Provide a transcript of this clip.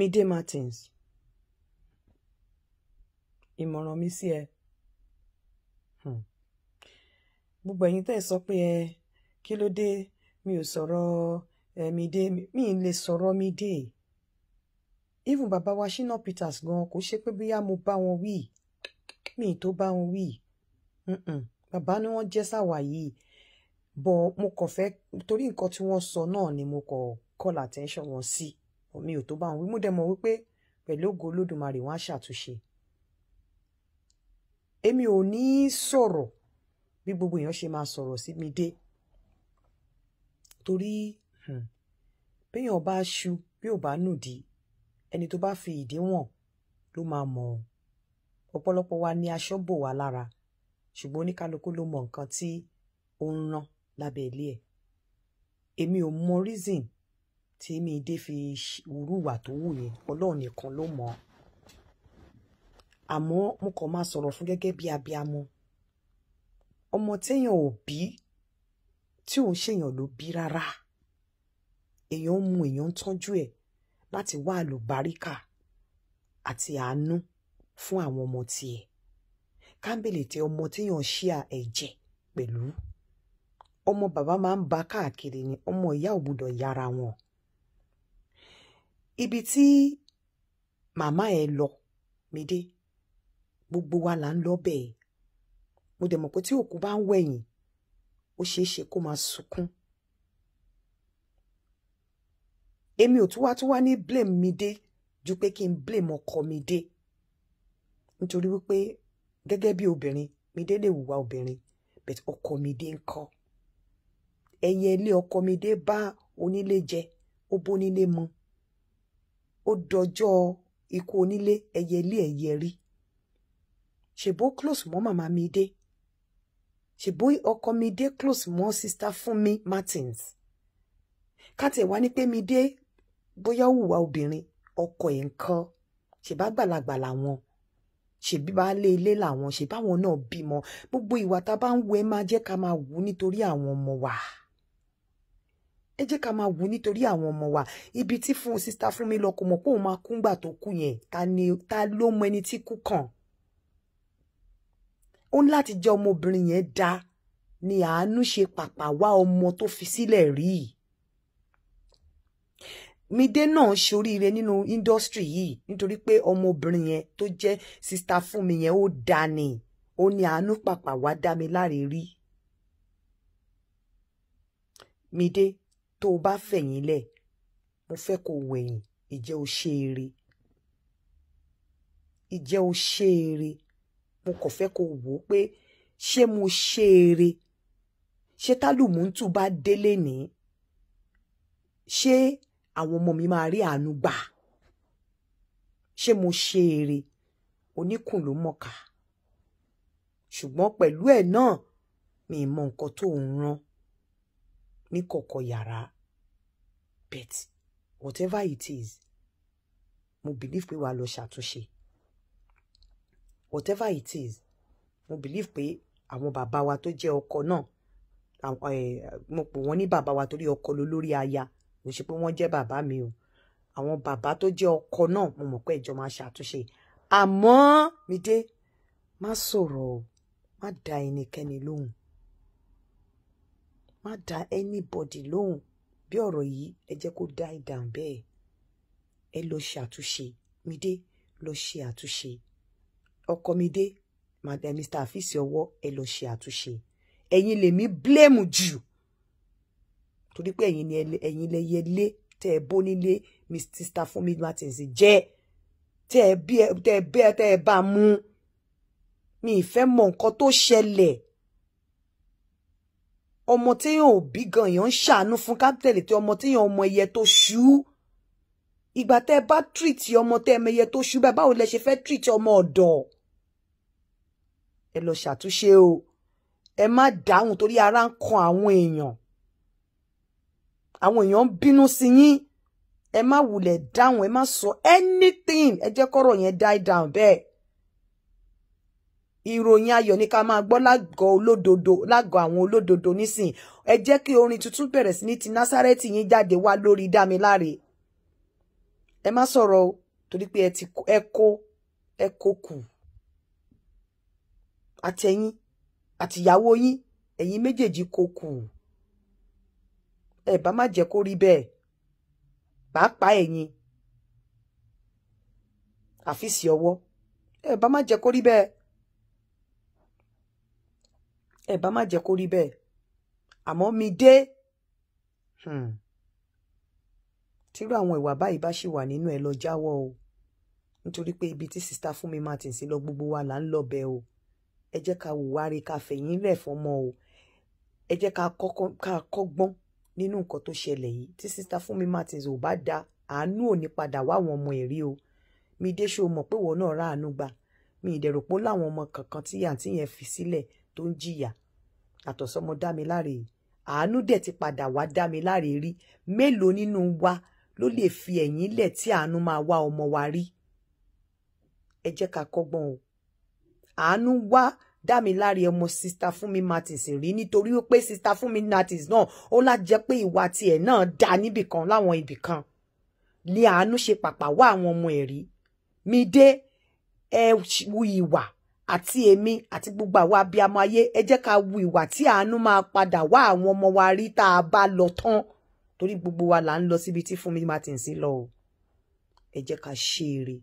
Mide Martins ìmọ̀ràn mi sí ẹ hmm. gbogbo ẹ̀yin tẹ́ ẹ sọ pé ẹ kí ló dé mi ò sọ̀rọ̀ ẹ Mide mi ì lè sọ̀rọ̀ Mide even bàbá wa Shina Peters gan kò ṣe pé bóyá mo bá wọn wí mi ì tó bá wọn wí bàbá ni wọ́n jẹ́ sáwà yìí bọ̀ mo kàn fẹ́ torí nǹkan tí wọ́n sọ náà ni mo kàn call attention wọn sí. Si mi ò tó bá wọn wí mo dẹ̀ mọ̀ wípé pẹ̀lú ògo olódùmarè wọn á ṣàtúnṣe èmi ò ní í sọ̀rọ̀ bí gbogbo èèyàn ṣe máa sọ̀rọ̀ sí mi dé torí hmm, béèyàn bá ṣu bí ò bá nùdí ẹni tó bá fi ìdí ló máa mọ̀ ọ́ wa ni aṣọ bò wá lára ṣùgbọ́n oníkálukú ló mọ nǹkan tí ó ń rán lábẹ́ ilé ẹ̀ èmi ò mọ reason tí mi dé fi wúrúwà tó wù yẹn ọlọ́run nìkan ló mọ̀ àmọ́ mo kàn máa sọ̀rọ̀ fún gẹ́gẹ́ bí abiamọ ọmọ téèyàn ò bí tí òun ṣèyàn ló bí rárá èèyàn ń mu èèyàn ń tọ́jú ẹ̀ láti wá àlùbáríkà àti àánú fún àwọn ọmọ tiẹ̀ kábèlè tẹ ọmọ téèyàn ṣíà ẹ̀jẹ̀ pẹ̀lú ọmọ bàbá máa ń ba káàkiri ni ọmọ ìyá ò gbúdọ̀ yára wọn ibi tí màmá ẹ lọ mi dé gbogbo wa là ń lọ bẹ́ẹ̀ mo dẹ̀ mọ̀ pé tí òkú bá ń wẹ̀yìn ó ṣeé ṣe kó máa sunkún èmi ò tún wá tún wá ní blame mi dé ju pé kí n blame ọkọ mi dé nítorí wípé gẹ́gẹ́ bí obìnrin mi dé lè hùwà obìnrin but ọkọ mi dé ń kọ́ ẹ̀yẹ ilé ọkọ mi dé bá onílé jẹ ó bónílé mu ó dọjọ́ ikú onílé ẹyẹ ilé ẹyẹ rí ṣèbó close mọ́ màmá mi dé ṣèbó ọkọ mi dé close mọ́ sista Fúnmi Martins káàtì wá ní pé mi dé bóyá hùwà obìnrin ọkọ ẹ̀ nǹkan ṣèbá gbàlagbà làwọn ṣèbí bá lé ilé làwọn ṣèbáwọn náà bímọ gbogbo ìwà tá a bá ń wo ẹ máa jẹ́ ká máa wù nítorí àwọn ọmọ wa ẹ jẹ́ ká máa wù nítorí àwọn ọmọ wa ibi tí fún sista fún mi lọ kò mọ̀ pé òun máa kú ngbà tó kú yẹn ta ni ta ló mọ ẹni tí kú kàn ó ń láti jẹ́ ọmọbìnrin yẹn dá ni àánú ṣe pàpà wá ọmọ tó fi sílẹ̀ rí i Mide náà ṣoríire nínú indọ́strì yìí nítorí pé ọmọbìnrin yẹn tó jẹ́ sista fún mi yẹn ó dá ni ó ní àánú pàpà wá dá mi láre rí Mide tó o bá fẹ̀yìn lẹ̀ mo fẹ́ kó o wẹ̀yìn ìjẹ́ o ṣe eré ìjẹ́ o ṣe eré mo kàn fẹ́ kó o wò ó pé ṣé mo ṣe eré ṣé tálùmùtù bá délé ní ṣé àwọn ọmọ mi máa rí àánú gbà ṣé mo ṣe eré oníkùn ló mọ̀ọ́ká ṣùgbọ́n pẹ̀lú ẹ̀ náà mi ì mọ nǹkan tó ń rán ní kọ̀kọ̀ yàrá but whatever it is mo believe pe wàá lọ ṣàtúnṣe whatever it is mo believe pe àwọn bàbá wa tó jẹ́ ọkọ náà eh, mo pò wọ́n ní bàbá wa torí ọkọ ló lórí aya mo ṣe pé wọ́n jẹ́ bàbá mi o àwọn bàbá tó jẹ́ ọkọ náà mo mọ̀ pé ìjọ máa ṣàtúnṣe àmọ́ mi dé má sọ̀rọ̀ má da ẹnikẹ́ni lóhùn má dá anybody lóhùn bí ọ̀rọ̀ yìí ẹ jẹ́ kó die down bẹ́ẹ̀ ẹ lọ ṣe àtúnṣe Mide lọ ṣe àtúnṣe ọkọ Mide Mr eh, Afeez ọwọ́ ẹ lọ ṣe àtúnṣe ẹ̀yin lèmi blame jù torí pé ẹ̀yin ni ẹ̀yin lẹyẹ lé tẹ́ ẹ bó nílé Mr Funmi Martins jẹ́ tẹ́ ẹ bí ẹ tẹ́ ẹ bá mú mi ìfẹ́ mọ nǹkan tó ṣẹlẹ̀ ọmọ téèyàn ò bí gan èèyàn ń ṣàánú fún kápítẹ̀lì tí ọmọ téèyàn ọmọ ẹyẹ tó ṣú ìgbà tẹ́ ẹ bá tírìtì ọmọ tẹ́ ẹ mẹyẹ tó ṣú bẹ́ẹ̀ báwo lẹ ṣe fẹ́ tírìtì ọmọ ọ̀dọ̀ ẹ lọ ṣàtúnṣe o ẹ má dáhùn torí ara ń kan àwọn èèyàn àwọn èèyàn ń bínú sí yín ẹ má wulẹ̀ dáhùn ẹ má sọ anything ẹ jẹ́ kọ́rọ̀ yẹn die down bẹ́ẹ̀ ìròyìn ayọ̀ ni ká máa gbọ́ lágọ̀ olódodo lágọ̀ àwọn olódodo nísìn ẹ jẹ́ kí orin tuntun bẹ̀rẹ̀ sí ní ti násárẹ́tì yín jáde wá lórí dámiláre ẹ má sọ̀rọ̀ o torí pé ẹ ti ẹ kó ẹ kó kù àtẹ̀yìn àtìyàwó yín ẹ̀yin méjèèjì kó kù ẹ bá má jẹ́ kó rí bẹ́ẹ̀ pàápàá ẹ̀yin àfíìsì ọwọ́ ẹ bá má jẹ́ kó rí bẹ́ẹ̀ ẹ bá má jẹ́ kó rí bẹ́ẹ̀ àmọ́ mi dé hmm. tírú àwọn ìwà báyìí bá ṣì wà nínú ẹ lọ jáwọ́ o nítorí pé ibi tí sista Fúnmi Martin sí lọ gbogbo wa là ń lọ bẹ̀ o ẹ jẹ́ ká wùwá rí ká fẹ̀yìn lẹ̀ fọmọ o ẹ jẹ́ ká kọ́gbọ́n nínú nǹkan tó ṣẹlẹ̀ yìí tí sista Fúnmi Martin ò bá da àánú ò padà wá àwọn ọmọ ẹ̀rí o mi dé ṣe o mọ̀ pé wọ́n náà ráàánú gbà mi ìdẹ̀rùpó láwọn ọmọ kankan tí àǹtí yẹn fi sílẹ̀ tó ń jìyà àtọ̀sọ́mọ Dámiláre yìí àánú dẹ̀ ti padà wá Dámiláre rí mélòó nínú wa ló lè fi ẹ̀yìn lẹ̀ tí àánú máa wá ọmọ wa rí ẹ jẹ́ ká kọ́gbọ́n o àánú wá Dámiláre ọmọ sista Fúnmi Martins rí nítorí pé sista Fúnmi Martins náà ó lájẹ pé ìwà tiẹ̀ náà dá níbìkan láwọn ibìkan ní àánú ṣe pàpà wá àwọn ọmọ ẹ̀rí mi dé ẹ wu ìwà àti èmi àti gbogbo àwa abiyamọ ayé ẹ jẹ́ ká wu ìwà tí àánú máa padà wá àwọn ọmọ wa rí tá a bá lọ tán torí gbogbo wa là ń lọ síbi tí Fúnmi Martins lọ ẹ jẹ́ ká ṣe eré